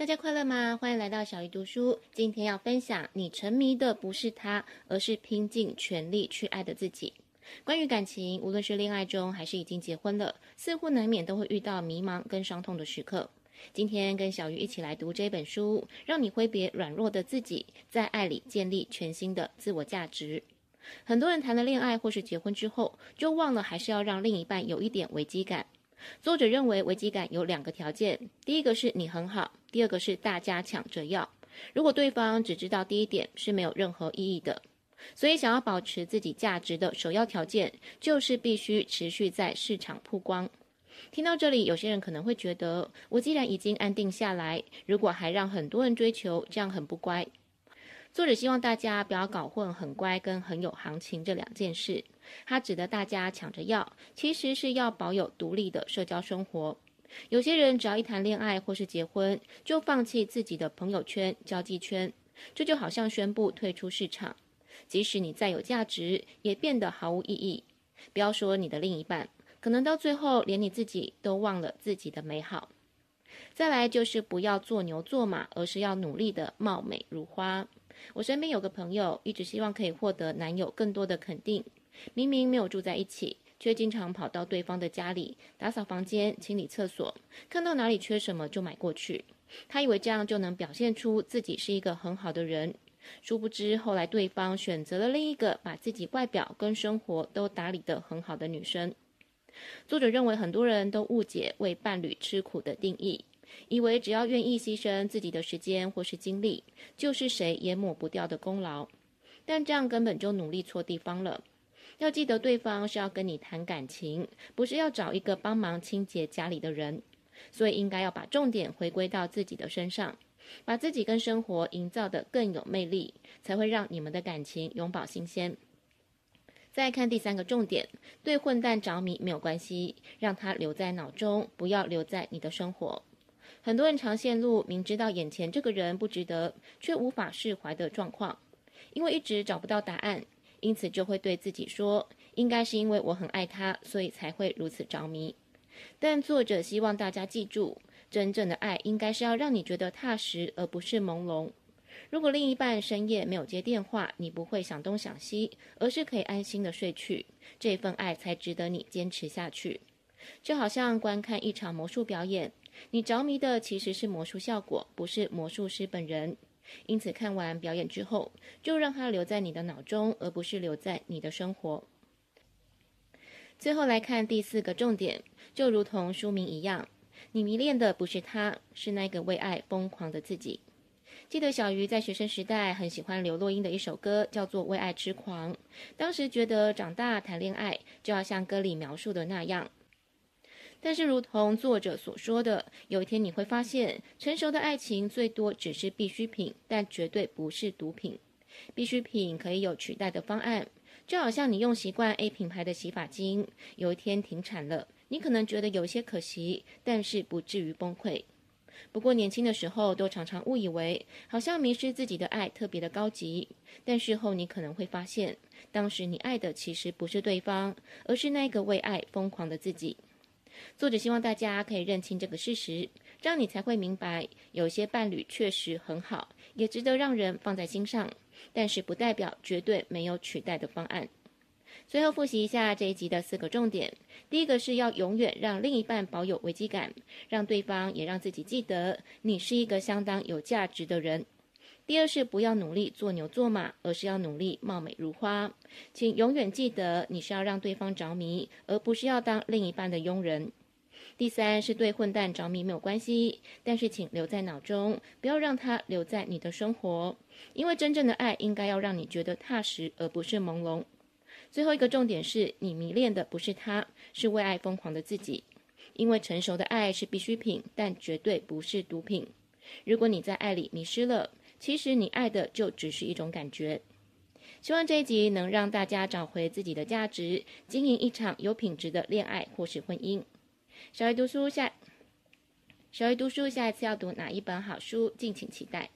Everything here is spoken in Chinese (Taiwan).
大家快樂嗎？歡迎來到小魚讀書。今天要分享，你沉迷的不是他，而是拼盡全力去愛的自己。關於感情，無論是戀愛中還是已經結婚了，似乎難免都會遇到迷茫跟傷痛的時刻。今天跟小魚一起來讀這本書，讓你揮別軟弱的自己，在愛裡建立全新的自我價值。很多人談了戀愛或是結婚之後，就忘了還是要讓另一半有一點危機感。作者認為，危機感有兩個條件：第一個是你很好，第二個是大家搶着要。如果對方只知道第一點，是沒有任何意義的。所以，想要保持自己價值的首要條件，就是必須持續在市場曝光。聽到這裡，有些人可能會覺得，我既然已經安定下來，如果還讓很多人追求，這樣很不乖。作者希望大家不要搞混“很乖”跟“很有行情”這兩件事。他指的大家搶着要，其實是要保有獨立的社交生活。有些人只要一談戀愛或是結婚，就放棄自己的朋友圈、交際圈，這就好像宣布退出市場。即使你再有價值，也變得毫無意義。不要說你的另一半，可能到最後連你自己都忘了自己的美好。再來就是不要做牛做馬，而是要努力的貌美如花。我身邊有個朋友，一直希望可以獲得男友更多的肯定。明明沒有住在一起，卻經常跑到對方的家裡打掃房間、清理廁所，看到哪裡缺什麼就買過去。她以為這樣就能表現出自己是一個很好的人，殊不知後來對方選擇了另一個把自己外表跟生活都打理得很好的女生。作者認為很多人都誤解為伴侶吃苦的定義。以為只要願意犧牲自己的時間或是精力，就是誰也抹不掉的功勞。但這樣根本就努力錯地方了。要記得，對方是要跟你談感情，不是要找一個幫忙清潔家裡的人。所以應該要把重點回歸到自己的身上，把自己跟生活營造得更有魅力，才會讓你們的感情永葆新鮮。再看第三個重點，對混蛋着迷沒有關係，讓他留在腦中，不要留在你的生活。很多人常陷入明知道眼前這個人不值得，卻無法釋懷的狀況，因為一直找不到答案，因此就會對自己說，應該是因為我很愛他，所以才會如此着迷。但作者希望大家記住，真正的愛應該是要讓你覺得踏實，而不是朦朧。如果另一半深夜沒有接電話，你不會想東想西，而是可以安心的睡去，這份愛才值得你堅持下去。就好像觀看一場魔術表演，你着迷的其實是魔術效果，不是魔術師本人。因此，看完表演之後，就讓它留在你的腦中，而不是留在你的生活。最後來看第四個重點，就如同書名一樣，你迷戀的不是他，是那個為愛瘋狂的自己。記得小魚在學生時代很喜歡劉若英的一首歌，叫做《為愛癡狂》，當時覺得長大談戀愛就要像歌裡描述的那樣。但是，如同作者所說的，有一天你會發現，成熟的愛情最多只是必需品，但絕對不是毒品。必需品可以有取代的方案，就好像你用習慣 A 品牌的洗髮精，有一天停產了，你可能覺得有些可惜，但是不至於崩潰。不過，年輕的時候都常常誤以為，好像迷失自己的愛特別的高級，但事後你可能會發現，當時你愛的其實不是對方，而是那個為愛瘋狂的自己。作者希望大家可以認清這個事實，這樣你才會明白，有些伴侶確實很好，也值得讓人放在心上，但是不代表絕對沒有取代的方案。最後複習一下這一集的四個重點：第一個是要永遠讓另一半保有危機感，讓對方也讓自己記得，你是一個相當有價值的人。第二是不要努力做牛做馬，而是要努力貌美如花。請永遠記得，你是要讓對方着迷，而不是要當另一半的傭人。第三是對混蛋着迷沒有關係，但是請留在腦中，不要讓他留在你的生活，因為真正的愛應該要讓你覺得踏實，而不是朦朧。最後一個重點是，你迷戀的不是他，是為愛瘋狂的自己，因為成熟的愛是必需品，但絕對不是毒品。如果你在愛裡迷失了，其實你愛的就只是一種感覺。希望這一集能讓大家找回自己的價值，經營一場有品質的戀愛或是婚姻。小魚讀書下，小魚讀書下一次要讀哪一本好書，敬請期待。